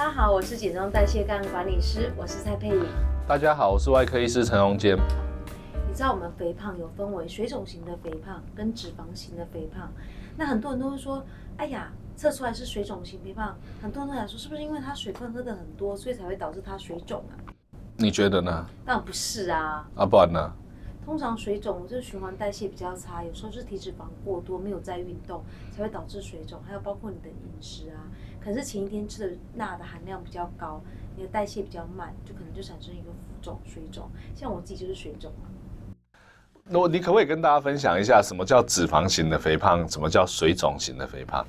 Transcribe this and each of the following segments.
大家好，我是減重代謝干預管理師，我是蔡沛穎。大家好，我是外科醫師陳榮堅。你知道我們肥胖有分為水腫型的肥胖跟脂肪型的肥胖。那很多人都會說，哎呀，測出來是水腫型肥胖，很多很多人都會說是不是因為他水分喝得很多，所以才會導致他水腫啊？你覺得呢？當然不是啊。阿、啊、不然呢？通常水腫就是循環代謝比較差，有時候是體脂肪過多沒有在運動，才會導致水腫。還有包括你的飲食啊。可是前一天吃的鈉的含量比較高，你的代謝比較慢，就可能就產生一個浮腫、水腫。像我自己就是水腫。那你可不可以跟大家分享一下，什麼叫脂肪型的肥胖，什麼叫水腫型的肥胖？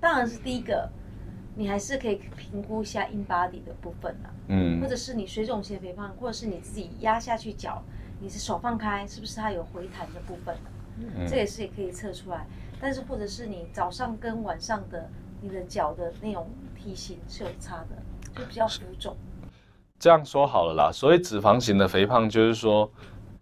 當然是第一個，你還是可以評估一下 In Body 的部分了、啊。嗯，或者是你水腫型的肥胖，或者是你自己壓下去腳，你是手放開，是不是它有回彈的部分、啊？嗯，這也是也可以測出來。但是或者是你早上跟晚上的。你的腳的那種體型是有差的，就比較浮腫。這樣說好了啦，所以脂肪型的肥胖就是說，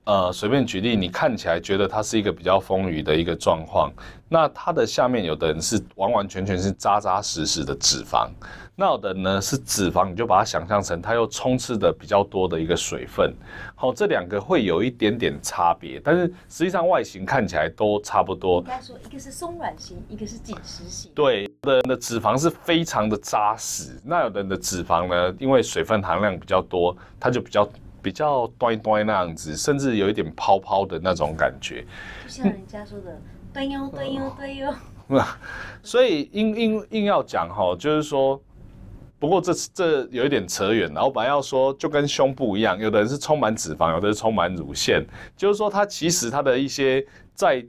呃，隨便舉例，你看起來覺得它是一個比較豐腴的一個狀況，那它的下面有的人是完完全全是紮紮實實的脂肪，那有的人呢是脂肪，你就把它想象成它又充斥的比較多的一個水分。好，哦，這兩個會有一點點差別，但是實際上外形看起來都差不多。應該說一個是鬆軟型，一個是緊實型。對。的人的脂肪是非常的扎實，那有的人的脂肪呢，因為水分含量比較多，它就比較比較端端那樣子，甚至有一點泡泡的那種感覺，不像人家說的端腰、端、嗯、腰、端腰。那 所以硬硬硬要講哈、哦，就是說，不過這這有一點扯遠，然後本來要說就跟胸部一樣，有的人是充滿脂肪，有的是充滿乳腺，就是說它其實它的一些在。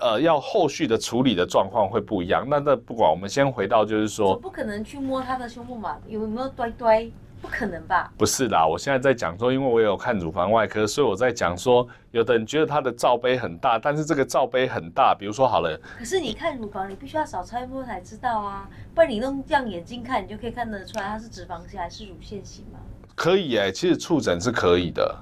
呃，要後續的處理的狀況會不一樣。那那不管，我們先回到就是說，不可能去摸他的胸部嘛，有沒有堆堆？不可能吧？不是啦，我現在在講說，因為我有看乳房外科，所以我在講說，有的人覺得他的罩杯很大，但是這個罩杯很大，比如說好了。可是你看乳房，你必須要少觸摸才知道啊，不然你弄這樣眼睛看，你就可以看得出來它是脂肪型還是乳腺型嗎？可以哎，其實觸診是可以的。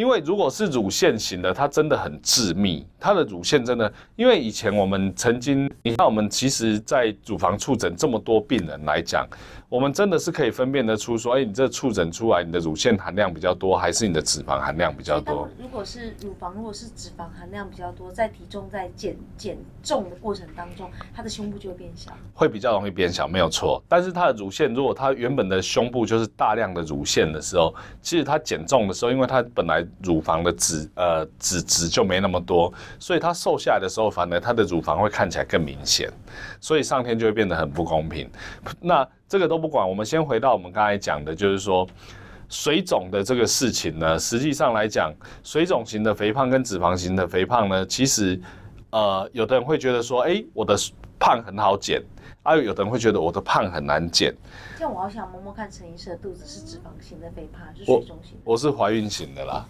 因為如果是乳腺型的，它真的很致密，它的乳腺真的，因為以前我們曾經，你看我們其實，在乳房觸診這麼多病人來講，我們真的是可以分辨得出，說，哎，你這觸診出來，你的乳腺含量比較多，還是你的脂肪含量比較多？如果是乳房，如果是脂肪含量比較多，在體重在減減重的過程當中，它的胸部就會變小，會比較容易變小，沒有錯。但是它的乳腺，如果它原本的胸部就是大量的乳腺的時候，其實它減重的時候，因為它本來乳房的脂、呃脂質就沒那麼多，所以他瘦下來的時候，反而他的乳房會看起來更明顯，所以上天就會變得很不公平。那這個都不管，我們先回到我們剛才講的，就是說水腫的這個事情呢，實際上來講，水腫型的肥胖跟脂肪型的肥胖呢，其實呃，有的人會覺得說，哎、欸，我的胖很好減。啊、有的人會覺得我的胖很難減。我好想摸摸看陳醫師的肚子是脂肪型的肥胖，是，嗯、水腫型我？我是懷孕型的啦。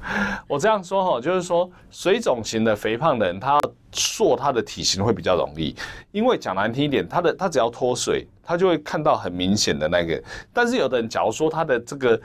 我這樣說哈，就是說水腫型的肥胖的人，他要塑他的體型會比較容易，因為講難聽一點，他的他只要脫水，他就會看到很明顯的那個。但是有的人，假如說他的這個。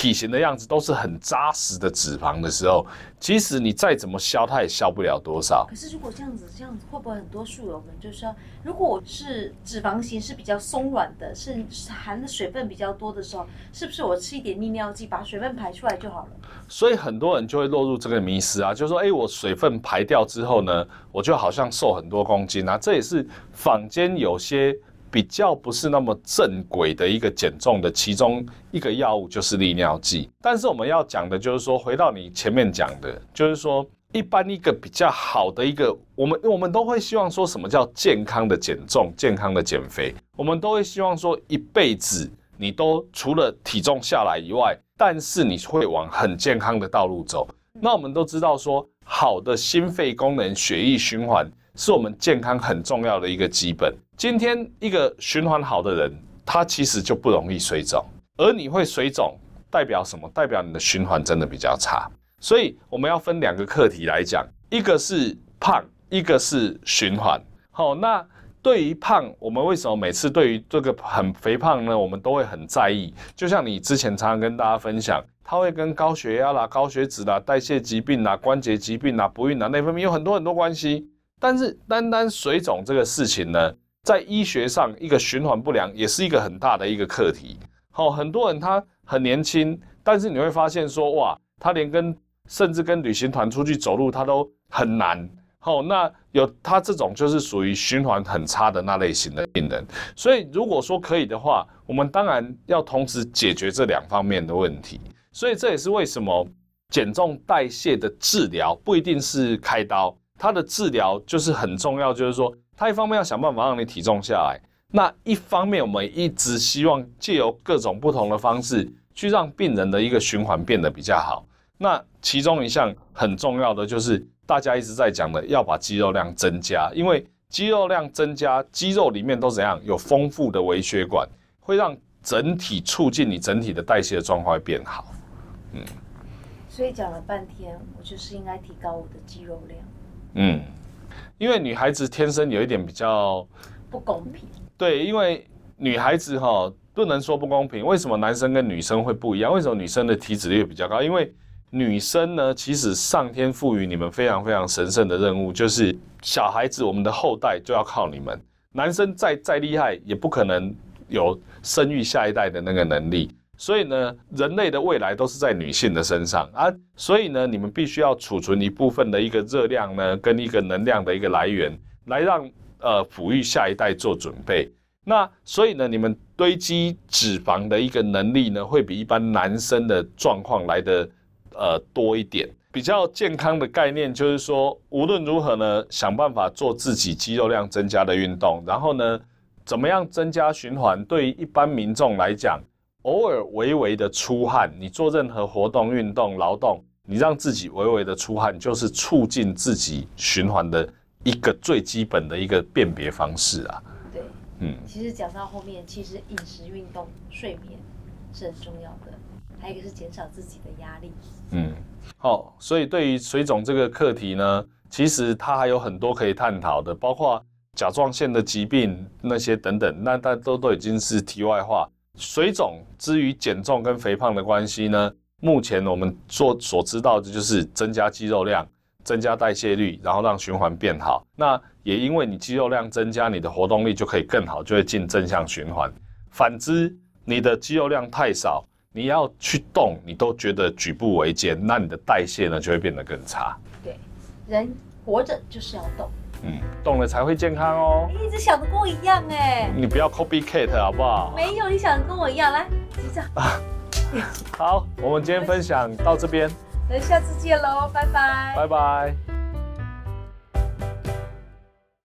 體型的樣子都是很紮實的脂肪的時候，即使你再怎麼消，它也消不了多少。可是如果這樣子，這樣子會不會很多樹友問，就是說，如果我是脂肪型是比較鬆軟的，是含的水分比較多的時候，是不是我吃一點利尿劑，把水分排出來就好了？所以很多人就會落入這個迷思啊，就是說，哎、欸，我水分排掉之後呢，我就好像瘦很多公斤啊。這也是坊間有些。比較不是那麼正規的一個減重的其中一個藥物就是利尿劑，但是我們要講的就是說，回到你前面講的，就是說，一般一個比較好的一個，我們我們都會希望說什麼叫健康的減重、健康的減肥，我們都會希望說一輩子你都除了體重下來以外，但是你會往很健康的道路走。那我們都知道說，好的心肺功能、血液循環。是我們健康很重要的一個基本。今天一個循環好的人，他其實就不容易水腫，而你會水腫，代表什麼？代表你的循環真的比較差。所以我們要分兩個課題來講，一個是胖，一個是循環。好，那對於胖，我們為什麼每次對於這個很肥胖呢？我們都會很在意。就像你之前常常跟大家分享，他會跟高血壓啦、啊、高血脂啦、啊、代謝疾病啦、啊、關節疾病啦、啊、不孕啦、內分泌有很多很多關係。但是單單水腫這個事情呢，在醫學上一個循環不良也是一個很大的一個課題。好、哦，很多人他很年輕，但是你會發現說，哇，他連跟甚至跟旅行團出去走路他都很難。好、哦，那有他這種就是屬於循環很差的那類型的病人。所以如果說可以的話，我們當然要同時解決這兩方面的問題。所以這也是為什麼減重代謝的治療不一定是開刀。它的治療就是很重要，就是說，它一方面要想辦法讓你體重下來，那一方面我們一直希望借由各種不同的方式去讓病人的一個循環變得比較好。那其中一項很重要的就是大家一直在講的，要把肌肉量增加，因為肌肉量增加，肌肉裡面都怎樣，有豐富的微血管，會讓整體促進你整體的代謝狀況會變好。嗯，所以講了半天，我就是應該提高我的肌肉量。嗯，因為女孩子天生有一點比較不公平。對，因為女孩子哈，不能說不公平。為什麼男生跟女生會不一樣？為什麼女生的體脂率比較高？因為女生呢，其實上天賦予你們非常非常神聖的任務，就是小孩子，我們的後代就要靠你們。男生再再厲害，也不可能有生育下一代的那個能力。所以呢，人類的未來都是在女性的身上啊，所以呢，你們必須要儲存一部分的一個熱量呢，跟一個能量的一個來源，來讓呃撫育下一代做準備。那所以呢，你們堆積脂肪的一個能力呢，會比一般男生的狀況來得呃多一點。比較健康的概念就是說，無論如何呢，想辦法做自己肌肉量增加的運動，然後呢，怎麼樣增加循環，對於一般民眾來講。偶爾微微的出汗，你做任何活動、運動、勞動，你讓自己微微的出汗，就是促進自己循環的一個最基本的一個辨別方式啊。對，嗯，其實講到後面，其實飲食、運動、睡眠是很重要的，還有一個是減少自己的壓力。嗯，好，所以對於水腫這個課題呢，其實它還有很多可以探討的，包括甲狀腺的疾病那些等等，那它都都已經是題外話。水腫之於減重跟肥胖的關係呢？目前我們所所知道的就是增加肌肉量，增加代謝率，然後讓循環變好。那也因為你肌肉量增加，你的活動力就可以更好，就會進正向循環。反之，你的肌肉量太少，你要去動，你都覺得舉步維艱，那你的代謝呢就會變得更差。對，人活着就是要動。嗯，動了才會健康哦。欸、你一直想的跟我一樣哎、欸，你不要 copycat 好不好？沒有，你想的跟我一樣，來，就這樣啊。 好，我們今天分享到這邊、嗯，等下，下次見嘍，拜拜，拜拜。